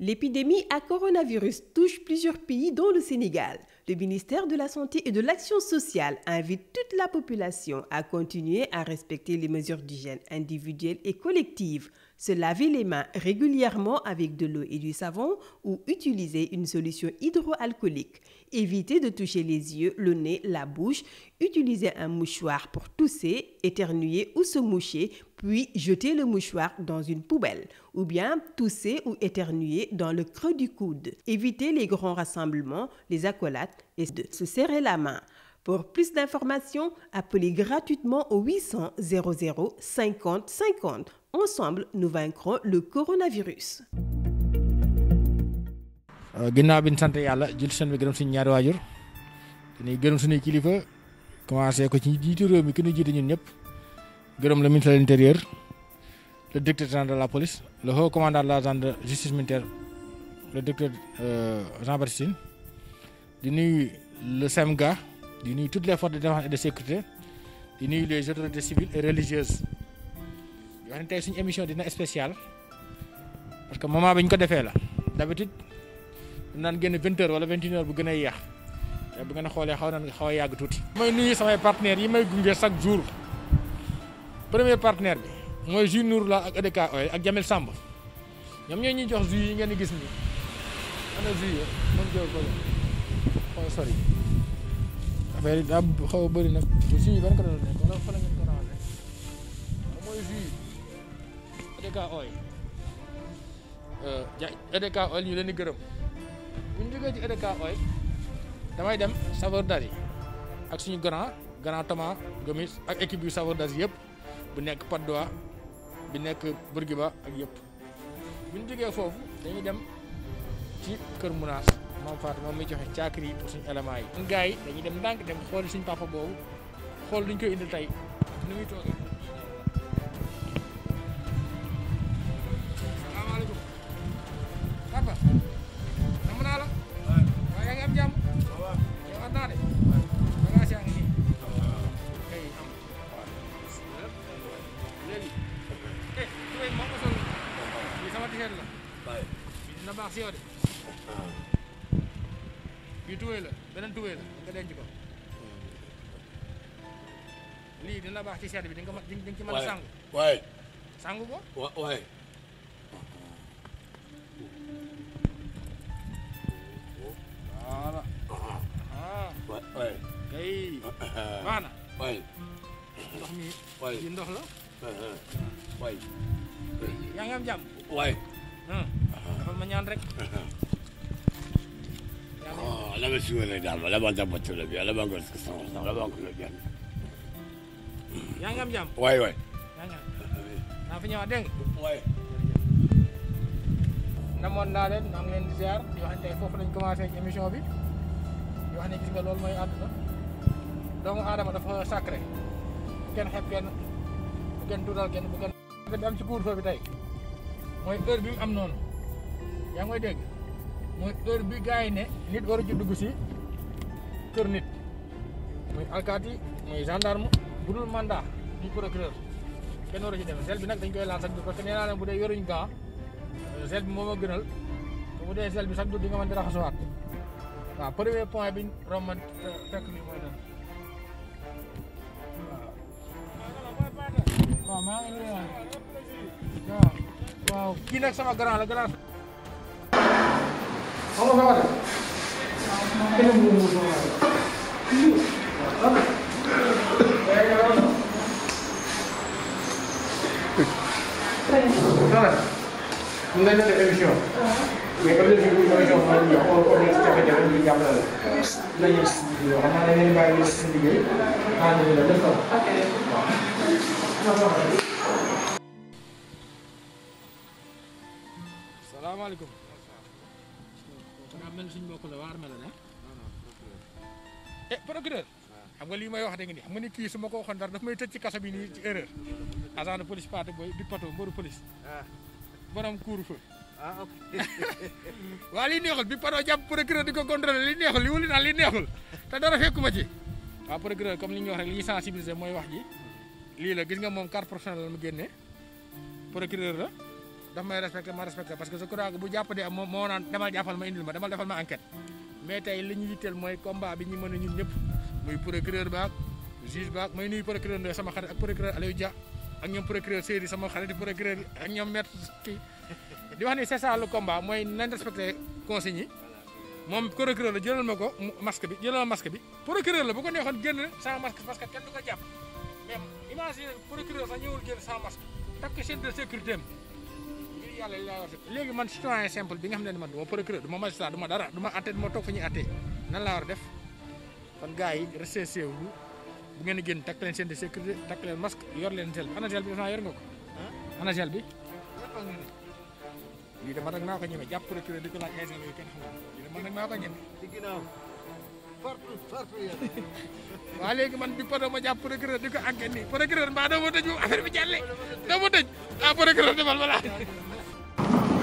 L'épidémie à coronavirus touche plusieurs pays dont le Sénégal. Le ministère de la Santé et de l'Action sociale invite toute la population à continuer à respecter les mesures d'hygiène individuelles et collectives, se laver les mains régulièrement avec de l'eau et du savon ou utiliser une solution hydroalcoolique, éviter de toucher les yeux, le nez, la bouche, utiliser un mouchoir pour tousser, éternuer ou se moucher, puis jeter le mouchoir dans une poubelle, ou bien tousser ou éternuer dans le creux du coude, éviter les grands rassemblements, les accolades, et de se serrer la main. Pour plus d'informations, appelez gratuitement au 800 00 50 50. Ensemble, nous vaincrons le coronavirus. Euh, ginnaaw bin ñu yalla yàlla jël seen bi gërëm suñu ñaari waajur dañuy gërëm suñuy kilifa commencé ko ci jiitu réew mi ki ñu ñun ñëpp gërëm le ministre de l'intérieur le directeur général de la police le haut commandant de la gendarmerie justice militaire le directeur euh, Jean Baptiste di le SEMGA di toutes les forces de défense et de sécurité les autorités civiles et religieuses Nous avons une émission spéciale parce que moment ko la d'habitude naan génn vingt heures wala vingt une heures bu a bu ngeen xoolee xaw na xaw a may partenaires yi may chaque premier partenaire bi mooy ak ak Jamel jox gis a sori affaire daa xaw a bëri nag jus yi ban côté la nekk mooy jus yi EDK oil euh, ja EDK oil ñu leen di gërëm bu ñu jógee ci EDK oil damay dem Saveur d'Asie ak suñu grand grand Thomas Gomis ak équipe yu Saveur d'Asie yëpp bu nekk Patte bi nekk burgiba ak yëpp bu ñu jógee foofu dañuy dem ci Kër Mounass. maam Fatou moom miy joxe caakiri yi pour suñu élément yi. gars dañuy dem ndànk dem xool suñu papa boobu xool duñ koy indil tey nu muy toogee. salaamaaleykum papa. am eh, ko sol. lii sama t la. waaw. dina baax si yow de. Ah. bi tuwee la nga denc ko lii dina baax ci seet bi di nga ci mën a sangu waaye ko waaye voilà waaye kay baax na waaye ndox rek 어, 내가 죽어야 돼. 내가 먼저 못 들어. 내가 먼저 죽었어. 내가 먼저 죽었어. yaa ngi am jàmm waay yaa ngi am naa fi ñëwaat dégg nga. waay. namoon naa leen maa leen di yoo xam foofu lañ commencé ak émission bi yoo xam ne gis nga loolu mooy àdduna doomu aadama dafa sacré bu kenn xeeb kenn bu kenn tuutal kenn bu kenn. bi am ci couvre bi tey mooy heure bi am noonu yaa ngi may dégg. mooy heure bi ne nit waru ci dugg si kër nit muy alkaati muy gendarme bu mandat muy procureur kenn waru ci def sel bi nag dañ koy laal sax parce que nee naa leen yoruñ gaa sel euh, bi moom gënal sel bi sax du di nga premier point bi ni sama grand la Vamos agora. Ele não mudou nada. Tamam. Bundan da öyle bir şey yok. Yapabilir miyim? Bir şey yok. O ne çıkacak yani bir yapmalı. Ne yersin diyor. Ama ne benim ben yersin diye. Hani öyle de tamam. Tamam. Selamun Aleyküm. eh procureur xam nga lii may wax da nga ni xam nga ni kii su ma ko waxoon dara daf may tëj ci kaso bi nii ci erreur agent police Pathé Boye di Pato mbaru police ah. borom couvre-feu ah ok waaw lii neexul bi Pato jàpp procureur di ko contrôler lii neexul li wuli naa lii neexul te dara fekkuma ci waaw procureur comme li ñu rek li ñuy sensibiliser mooy wax ji lii la gis nga moom carte professionnelle mu génnee procureur la daf may respecté ma respecté parce que je crois que bu jàppee am moo naan demal jàppal ma indil ma demal defal ma enquête mais tey li ñu yitteel mooy combat bi ñu mën a ñun ñëpp muy procureur baak juge baak may nuyu procureur Ndoye sama xarit ak procureur Aliou Dia ak ñoom procureur Seydi sama xarit procureur ak ñoom maître kii di wax ni c'est ça le combat mooy nañ respecté consignes yi moom procureur la jëlal ma ko masque bi jëlal ma masque bi procureur la bu ko neexoon génn sans masque parce que kenn du ko jàpp mais imagine procureur sax ñëwul génn sans masque takk chaîne de sécurité yàlla li laa wax léegi man citoyen simple bi nga xam ne man du ma procureur du ma magistrat du ma dara du ma atte du ma toog fa ñuy atte nan laa war a def kon gars yi recessé wu bu ngeen génn takk leen seen de sécurité takk leen masque yor leen gel ana gel bi dafa yor nga ko ana bi lii dama nag maa ko ñeme procureur di ko ay gel yooyu kenn xamul dama nag maa ko ci ginnaaw partout partout yàlla waa léegi man bi podo ma jàpp procureur di ko enquête nii procureur mbaa doo ma tëj affaire bi jàlle doo ma tëj ah procureur defal ma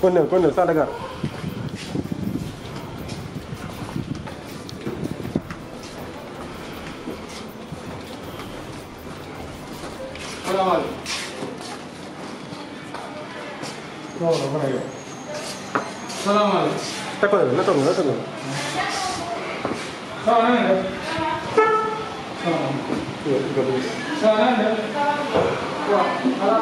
关尔，关尔，三那个。多少个？三万。多少个？多少个？多少个？三万二。三万。一个一个。好